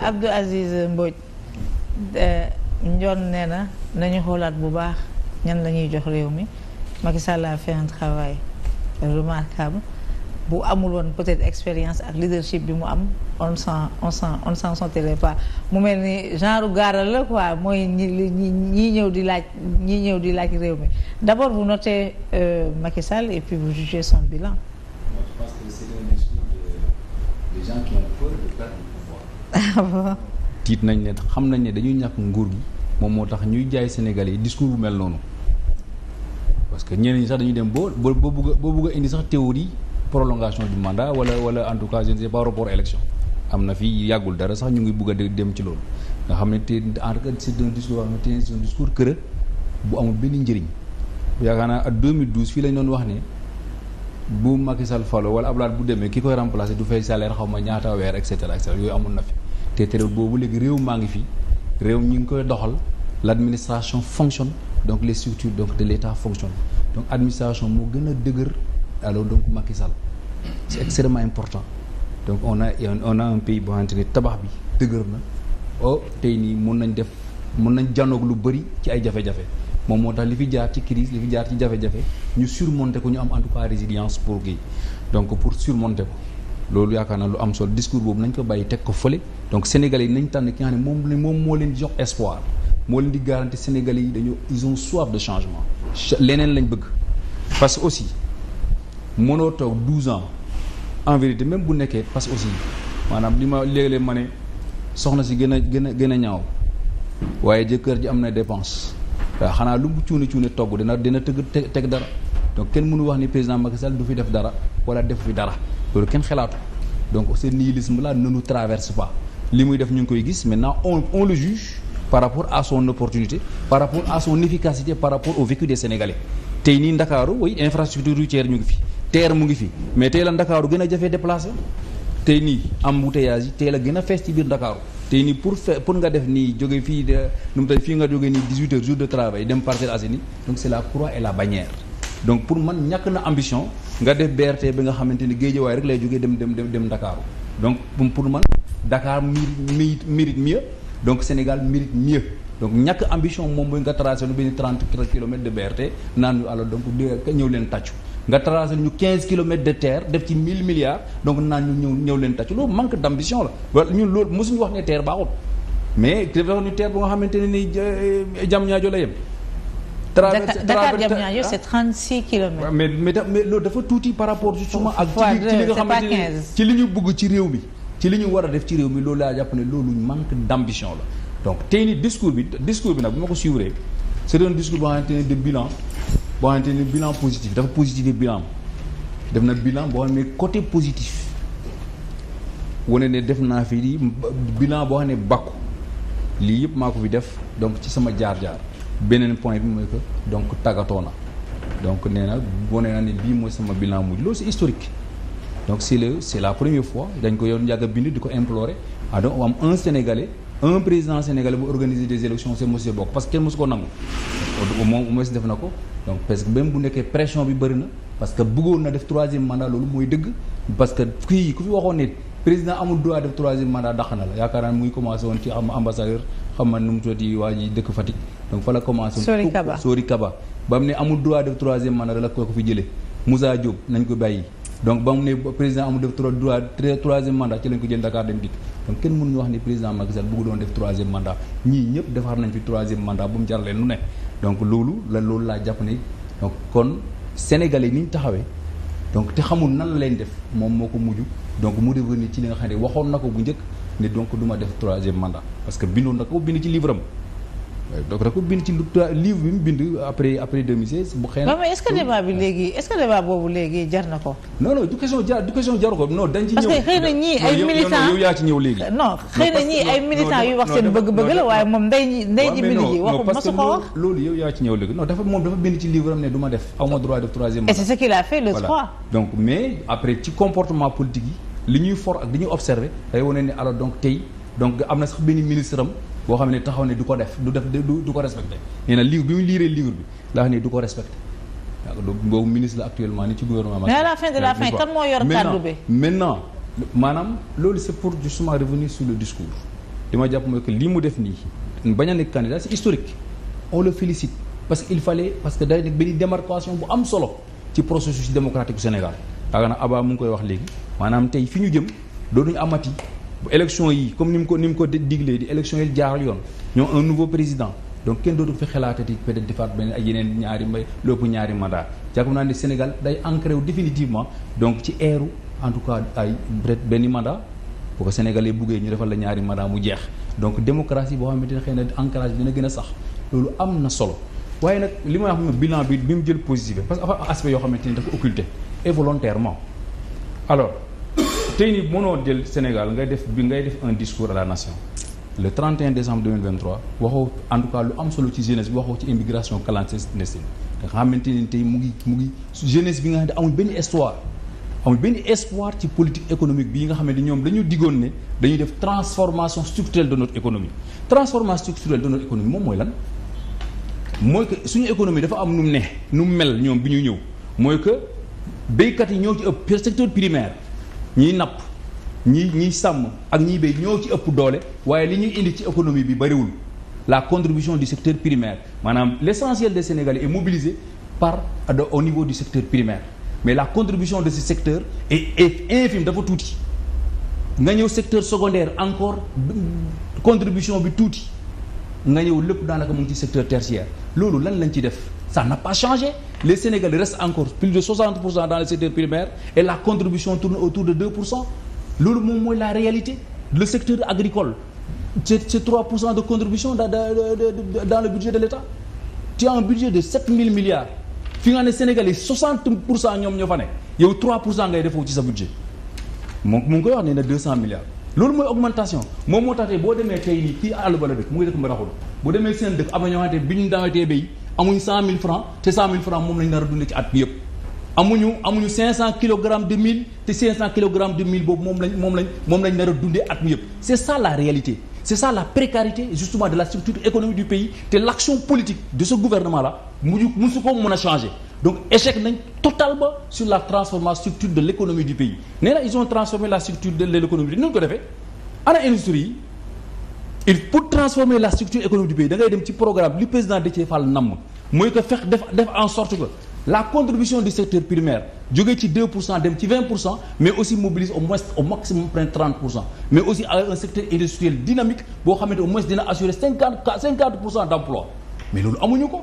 Abdou Aziz Mbodj njoon nee na nañu xoolaat bu baax ñan la ñuy jox réew mi Macky Sall a fait un travail remarquable bu amul woon peut-être expérience ak leadership bi mu am on s'en on s'en on s'en sortirait pas mu mel ni genre gaaral la quoi mooy ñi ñi ñëw di laaj ñi ñëw di laaj réew mi d'abord vous notez euh, Macky Sall et puis vous jugez son bilan. Moi, je pense que c'est un des gens qui ont peur de perdre. tiit nañ ne xam nañ ne dañuy ñàkk nguur gi moom moo tax ñuy jaay Sénégalais yi discours bu mel noonu parce que ñeneen ñi sax dañuy dem boo boo bëgg a boo bëgg a indi sax théorie prolongation du mandat wala wala en tout cas je ne sais pas rapport élection am na fi yàggul dara sax ñu ngi bëgg a dem ci loolu nga xam ne te en tout cas c'est un discours kër un discours creux bu amul benn njëriñ yaakaar naa at 2012 fii lañ doon wax ne bu Macky Sall falo wala Abdoulaye bu demee ki koy remplacer du fay salaire xaw ma ñaata weer et et cetera yooyu amoon na fi. te terewul boobu léegi réew maa ngi fi réew ñu ngi koy doxal l' administration fonctionne donc les structures donc de l' état fonctionnent donc administration moo gën a dëgër alors donc Macky Sall c' est important donc on na on a un pays boo xamante tabax bi dëgër na oh tey nii mun nañ def mun nañ janoog lu bëri ci ay jafe-jafe moom moo tax li fi jaar ci crise li fi jaar ci jafe-jafe ñu surmonter ko ñu am en tout cas résilience pour kii donc pour surmonter ko loolu yaakaar na lu am solo discours boobu nañ ko bàyyi teg ko fële donc sénégalais yi nañ tànn ki nga xam moom moom moo leen jox espoir moo leen di garanti sénégalais yi dañoo ils ont de changement leneen lañ bëgg parce que aussi mënoo toog 12 ans en vérité même bu nekkee parce que aussi maanaam li ma léeg-léeg ma ne soxna si gën a gën a gën a ñaaw waaye jëkkër ji am na dépense waaw xanaa lu mu cuune cuune togg dana dina tëgg teg dara donc kenn mënu wax ni président Macky Sall du fi def dara wala defu fi dara loolu kenn xalaatu donc ce nihilisme là ne nous traverse pas li muy def ñu ngi koy gis maintenant on on le juge par rapport à son opportunité par rapport à son efficacité par rapport au vécu des Sénégalais tey nii Ndakaaru oui infrastructure routière ñu ngi fi terre mu ngi fi mais tey la Ndakaaru gën a jafee déplacé tey nii embouteillage yi tey la gën a fees ci biir Ndakaaru tey nii pour fe pour nga def nii jóge fii de nu mu fii nga jóge nii 18 heures jour de travail dem Parcelles Assainies donc c'est donc pour man ñàkk na ambition nga def BRT bi nga xamante ni Guédiawaye rek lay jógee dem dem dem Dakaaru donc pour man Dakar mérite mérite mieux donc Sénégal mérite mieux donc ñàkk ambition moom mooy nga tracé nu benn trente kilomètres de BRT naan ñu alors donc ñëw leen tàccu nga tracé ñu quinze kilomètres de terre def ci 1000 milliards donc naan ñu ñëw ñëw leen tàccu loolu manque d' ambition la wala ñun loolu mosuñu wax ne terre baaxul mais dafa ñu terre xamante ne ni eh, jam ñaajo la yem traversé Dakar Diamniadio c'est 36 kilomètres. dafa tuuti par rapport justement ak. ci li ñu bëgg ci réew mi. ci li ñu war a def ci réew mi loolu laa jàpp ne loolu manque d'ambition la donc tey ni discours bi discours bi nag bu ma ko suivre c'est un discours boo xamante ne de bilan boo xamante ne bilan positif dafa positif bilan def na bilan boo xam côté positif wane ne def naa fi bilan boo xam ne bàkku lii yëpp maa ko fi def donc ci sama jaar-jaar. beneen point bi mooy que donc tàggatoo na donc nee na wane naa bii mooy sama bilan mujj loolu c'est historique donc c'est le c'est la première fois dañ ko yoon yàgg a bind di ko implorer ah donc am un sénégalais un président sénégalais bu organiser des élections c'est monsieur Bokk parce que kenn mosu ko nangu moom au moins def na ko donc parce que même bu nekkee pression bi bëri na parce que bëggoon na def troisième mandat loolu mooy dëgg parce que kii ku fi waxoon ne président amul droit def troisième mandat dàq xam man nu mu tuddati waa ji dëkk Fatick donc fa la commencé. Sori Kaba Sori Kaba ba mu ne amul droit de troisième mandat la ko fi jëlee Moussa Diop nañ ko bàyyi. donc ba mu ne président amul def trois droit troisième mandat ci lañ ko jël Dakar dem dikk donc kenn mënuñu wax ni président Macky Sall bëggu doon def troisième mandat ñii ñëpp defar nañ fi troisième mandat bu mu jarleen lu ne donc loolu la loolu laa jàpp ne donc kon sénégalais ni ñu taxawee. donc te xamul nan la leen def moom moo ko mujj donc mu revenir ci li nga xam ne waxoon na ko bu njëkk ne donc duma def troisième mandat parce que bindoon na ko bind ci livre am donc da ko bind ci livre bi mu bind après après 2016 bu xëy na. mais est-ce que na ko. non non du question jar du question jaru ko non dañ ci ñëw. parce que xëy ñii ay militants yow yaa ci ñëw léegi. non xëy na ñii ay militants yu wax seen bëgg-bëgg la waaye moom ndey ji ndey ji bind ji waxu masu ko wax. loolu yow yaa ci ñëw léegi non dafa moom dafa bind ci livre am ne du ma def aw ma droit def troisième mandat. et c'est ce qu'il a fait le 3. donc mais après ci comportement politique li ñuy for ak li ñuy observer day wane ne donc tey donc am na sax benn ministre am boo xam ne taxaw ne du ko def du def du ko respecté nee na livre bi mu liiree livre bi daa xam ne du ko respecté waaw ministre la actuellement ni ci gouvernement. mais à la fin de la euh, fin kan moo yor kàddu bi maintenant maanaam loolu c'est pour justement revenir sur ma jàpp mooy que lii mu def nii bañ a nekk candidat c'est historique on le félicite parce que il fallait parce que day nekk benn démarcation bu am solo ci processus démocratique bu Sénégal yaakaar naa Abba mu ngi koy wax léegi maanaam tey fi ñu jëm doonuñu amati. bu élection yi comme ni mu ko ni mu ko diglee di élection yi jaarul yoon ñoo un nouveau président donc kenn dootu fi xalaatati peut-être defaat beneen ay yeneen ñaari mbay lépp ñaari mandat jàpp naa ne Sénégal day ancré wu définitivement donc ci eeru en tout cas ay peut-être benn mandat bu ko sénégalais buggee ñu defal la ñaari mandat mu jeex donc démocratie boo xamante ne xëy na ancrage dina gën a sax loolu am na solo waaye nag li may wax moom bilan bi bi mu jël positif parce que aspect yoo xamante ni dafa occulté et volontairement alors tey ni mënoo jël Sénégal ngay def bi ngay def un discours à la nation le 31 décembre 2023 waxoo en lu am solo ci jeunesse bi waxoo ci immigration clandestine nga xamante ne tey mu ngi mu ngi jeunesse bi nga xam ne amul benn histoire amul benn espoir ci politique économique bi nga xam ne ñoom dañu diggoon ne dañuy def transformation structurelle de notre économie transformation structurelle de notre économie moom mooy lan mooy que suñu économie dafa am nu mu ne nu mu mel ñoom bi ñu ñëw mooy que béykat yi ñoo ci ëpp secteur primaire ñiy napp ñi ñiy sàmm ak ñiy béy ñoo ci ëpp doole waaye li ñuy indi ci économie bi bariwul la contribution du secteur primaire maanaam l'essentiel des Sénégalais et mobiliser par au niveau du secteur primaire mais la contribution de ce secteur est est infime dafa tuuti nga ñëw secteur secondaire encore contribution bi tuuti nga ñëw lépp daanaka mu ngi ci secteur tertiaire loolu lan lañ ci def sax n'a pas changé les Sénégalais restent encore plus de 60 pour cent dans le secteur primaire et la contribution tourne autour de 2 pour cent loolu moom mooy la réalité le secteur agricole c'est c'est 3 pour cent de contribution dans dans le budget de l'État tu as un budget de 7000 milliards fi nga ne Sénégalais 60 pour cent ñoom ñoo fa nekk yow 3 pour cent ngay defoo ci sa budget moom mu ngi koy wax ne na 200 milliards loolu mooy moom moo tax boo demee tey mu ngi dëkk Mbaraxul boo demee seen dëkk am na ñoo amuñ cent mille francs te cent mille francs moom lañ nar dundee ci at bi yëpp amuñu amuñu cent kilogrammes de mil te cinq cent kilogrammes de mil boobu moom lañ moom lañ moom a dundee at mi yëpp c'est ça la réalité c'est ça la précarité justement de la structure économique du pays te l'action politique de ce gouvernement là muju musu ko mën a changer donc échec nañ total ba sur la transformation structure de l'économie du pays nee ils ont transformé la structure de l'économie ko defee il pour transformer la structure économique du pays da ngay dem ci programme li président Déthié Fall namm mooy que fex def def en sorte que la contribution du secteur primaire jógee ci 2 pour cent dem ci 20 pour cent mais aussi mobilise au moins au maximum près 30 pour cent mais aussi avec un secteur industriel dynamique boo xamante au moins dina assurer 50 mais loolu amuñu ko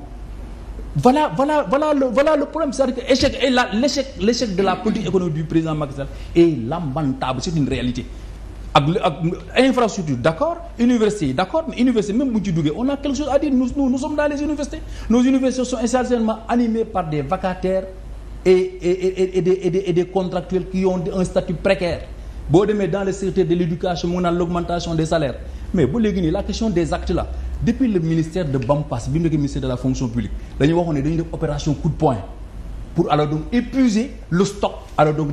voilà voilà voilà le problème cest à échec la l' échec de la politique économique du président Macky Sall est lamentable une ak ak infrastructure d'accord université yi d'accord mais université même bu ñu ci duggee on a quelque chose à dire nous nous nous les universités nos universités sont essentiellement animées par des vacataires et des contractuels qui ont un statut précaire boo demee dans le secteur de l'éducation mu naan l'augmentation des salaires mais ba léegi nii la question des actes là depuis le ministère de Bampas bi mu nekkee ministère de la fonction publique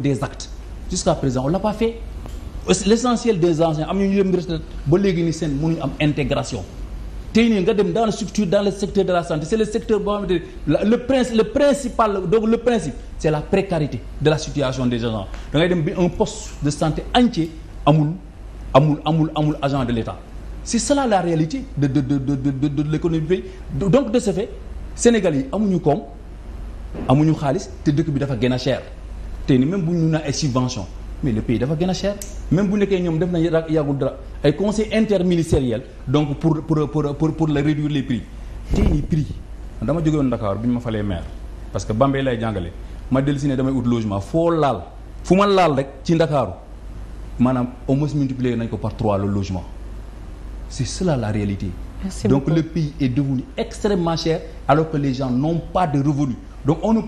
des actes jusqu'à l'a pas fait le essentiel des anciens am ñu ñu dem retraite ba léegi ni seen mënuñu am intégration tey nii nga dem dans la structure dans le secteur de la santé c' est le secteur boo xamante ne le prince le principal donc le principe c' est la précarité de la da ngay dem bi un poste de santé entier amul amul amul amul agent de l' état c' est cela la réalité de de de de de de l' économie fait Sénégal yi amuñu koom amuñu xaalis te dëkk bi dafa gën a cher tey ni même bu ñu naa ay subvention mais le pays dafa gën a cher même bu nekkee ñoom def nañ yàggul dara ay conseil interministériel donc pour pour la réduire les prix tey nii prix dama jóge woon Dakar bi ñu ma falee maire parce que Bambey lay jàngale ma dellu si ne damay ut logement foo laal fu ma laal rek ci Ndakaaru maanaam au moins multiplier nañ ko par trois le logement c'est cela la réalité Merci donc beaucoup. le pays est devenu extrêmement cher alors que les gens n'ont pas de revenus donc on ne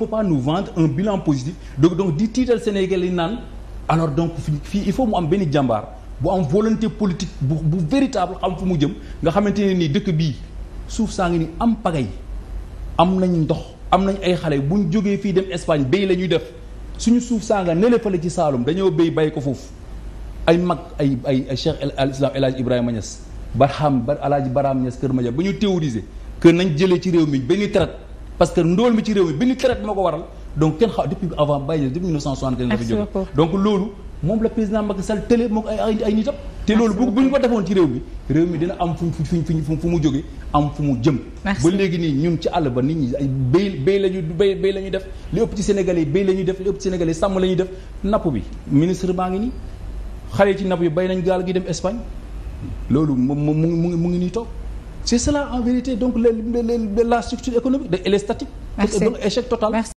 alors donc fii il faut mu am benn jàmbaar bu am volonté politique bu bu véritable xam fu mu jëm nga xamante ne nii dëkk bii suuf saa ngi ni am pagay am nañ ndox am nañ ay xale buñ jógee fii dem Espagne béy la ñuy def suñu suuf saa nga nele ci Saalum dañoo béy bay ko foofu ay mag ay ay ay Cheikh al Islam El Hadj Ibrahima Niass Barham ba El Hadj Barham Niass Kër Madiabé ba ñu théoriser que nañ jëlee ci réew mi benn traite parce que ndóol mi ci réew mi benn traite moo ko waral. donc kenn xaw depuis avant Baye depuis 1975 la fi jóge donc loolu moom la président Macky Sall tële moom ay ay nitam te loolu bu bu ñu ko defoon ci réew mi réew mi dina am fu fu fu fu mu jóge am fu mu jëm ba léegi nii ñun ci àll ba nit ñi béy béy la ñu béy béy la ñuy def li ëpp ci Sénégalais yi béy def li ëpp ci Sénégalais yi sàmm la ñuy def napp bi ministre baa ngi nii xale ci napp yi bay nañ gaal gi dem Espagne loolu moom mu mu mu ngi nii toog c'est cela en vérité donc la la structure économique elle est statique donc échec